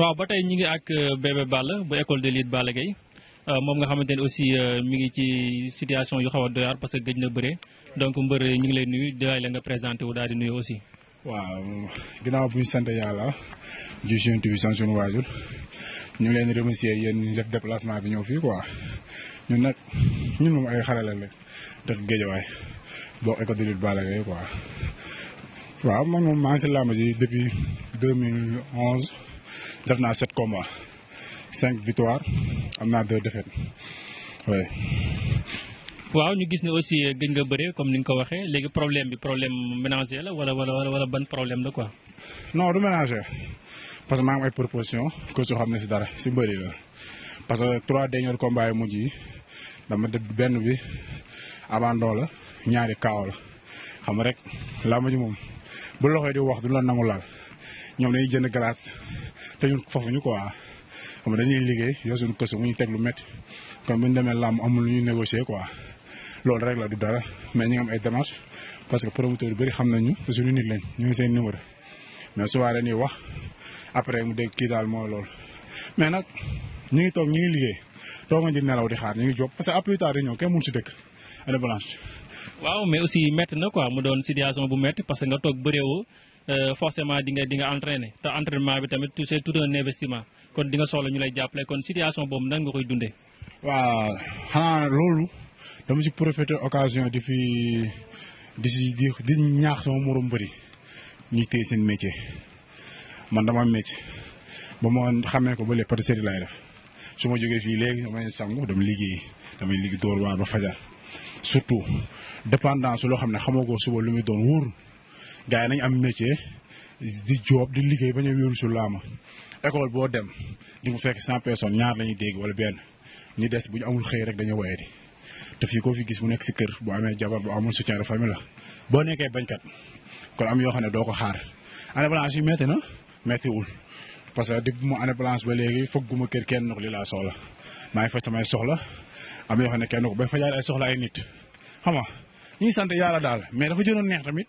waaw ba tey ñu ngi ak euh, bébé Balla bu école de lutte Balla Gaye euh, moom nga xamante ne aussi euh, mi ngi ci situation yu xaw a parce que gëj na bëre donc mbër ñu ngi leen nuyu di la nga présenté wu daal di nuyu aussi. waaw ginnaaw bu ñu sant yàlla di suñu tuuti sant suñu waajur ñu ngi leen di remercier yéen ñu def déplacement bi ñëw fii quoi ñu nag ñun moom ay xarala la def géejawaay boo école de lutte Balla Gaye quoi waaw man moom maa si làmb ji depuis def naa sept combats cinq victoires am naa deux défaites oui. waaw ñu gis ne aussi euh, gëj nga bëree comme ni nga ko waxee léegi problème bi problème ménager la wala wala wala wala ban problème la quoi. non du ménager parce que maa ngi ay proposition que su xam ne si dara si bëri la parce que trois derniers combat yi mujj yi dama def benn bi abandon la ñaari kaaw la xam rek laa ma ji moom bu loxo di wax du la nangu laal ñoom dañuy jënd glace. te ñun foofuñu quoi xam nga dañuy liggéey yow suñu kës mu ñu teg lu métti kon bu ñu demee làmb amul lu ñuy négocier quoi loolu rek la du dara mais ñu ngi am ay démarches parce que promoteur yu bëri xam nañu te suñu nit lañ ñu ngi seen numéro mais souvent dañuy wax après mu dégg kii daal mooy loolu mais nag ñu ngi toog ñu ngi liggéey toog nga di nelaw di xaar ñu ngi jóg parce que à plus tard dañoo kenn mun si dëkk année blanche. waaw mais aussi métti bu métti parce que nga toog bëreewoo Eh, forcément di nga di nga entraîner ta entraînement bi tamit c'est tout un investissement kon di nga solo ñu lay jàppale kon situation boobu nan nga koy dundé wa ha lolu dama si profiter occasion di fi di ci di di ñaax sama morom bari ñi téye seen métier man dama métier ba mo xamé ko ba léegi pâtisserie lay def suma joggé fi légui dama sangu dama ligi, dama ligi door waar ba fajar surtout dépendance lo xamné xamoko suba lu mi doon wour gaay nañ am métier di job di liggéey bañu a ci su laama école bo dem di mu fekk 100 personnes ñaar lañuy dégg wala ben ñi dess buñ amul xey rek dañu wayé di te fi ko fi gis mu nekk ci kër bu amé jabar bu amul soutien de famille la boo bañ kat ko am yo xam do ko xaar année blanche yi metti na metti wul parce que depuis mu année blanche ba légui fogguma kër kenn nok li laa soxla may fa tamay soxla am yo xam kenn nok ba fa jaar ay soxla ay nit xama ñi sante yalla dal mais dafa jëno neex tamit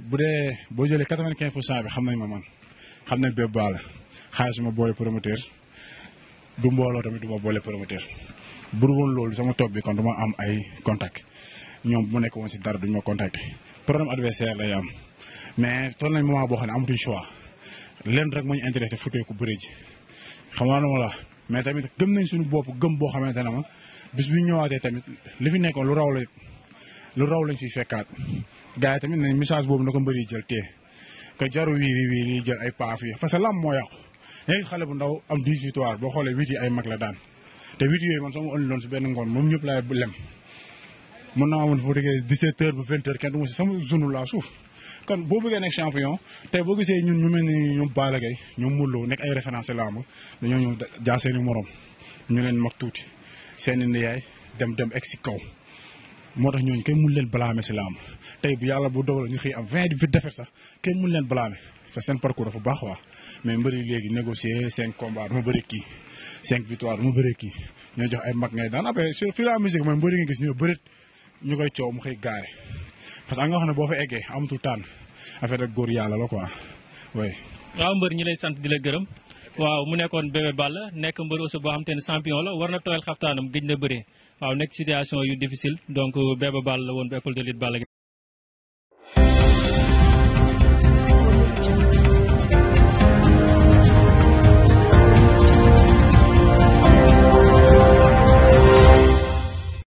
bu dee boo jëlee quatre-vingt-quinze pour cent bi xam nañ ma man xam nañ Bébé Ba la xaalis ma boole promoteur du mbooloo tamit du ma boole promoteur. bu dul woon loolu sama topp bi kon du am ay contact ñoom bu ma nekk woon si dara duñ ma contacter problème adversaire lay am mais ton nañ moment boo xam ne amatuñ choix lenn rek moo ñu intéressé futee ku bëre ji xam nga ma la mais tamit gëm nañ suñu bopp gëm boo xamante ne ma bis bu ñu ñëwaatee tamit li fi nekkoon lu raw la lu raw lañ fiy fekkaat. gars yi tamit nañ message boobu na ko mbëri jël tee que jaru wiiri wiiri jël ay paaf yi parce que lam moo yàqu léegi xale bu ndaw am 10 victoire boo xoolee huit yi ay mag la daan te huit yooyu man soo ma ëndiloon si benn ngoon moom ñëpp laay lem mën na amoon foo déggee 17 heures ba 20 kenn du ma si sama zone laa suuf kon boo bëggee nekk champion tey boo gisee ñun ñu mel nii ñoom Balla Gaye ñoom Modou Lo nekk ay référence lamb dañoo ñëw jaa seeni morom ñu leen mag tuuti seen i yaay dem dem egg si kaw moo tax ñooñu kenn mun leen blâmer si la am tey bu yàlla bu dogal ñu xëy am vingt huit sax kenn mun leen blâmer te seen parcours dafa baax waa mais mbëri léegi négocier cinq combats dama bëri kii cinq victoire dama bëri kii ñoo jox ay mag ngay daan après sur fii la mooy mbëri nga gis ñu bërit ñu koy coow mu xëy gaare parce que nga xam ne boo fa eggee amatul tànn affaire ak góor yàlla la quoi oui. waaw mbër ñi lay sant di la gërëm. waaw mu nekkoon Bébé Balla nekk mbër aussi boo xam te ne champion la war na tooyal xaftaanam gëj na bëre waaw nekk situation yu difficile donc Bébé Balla la woon bu école de lutte Balla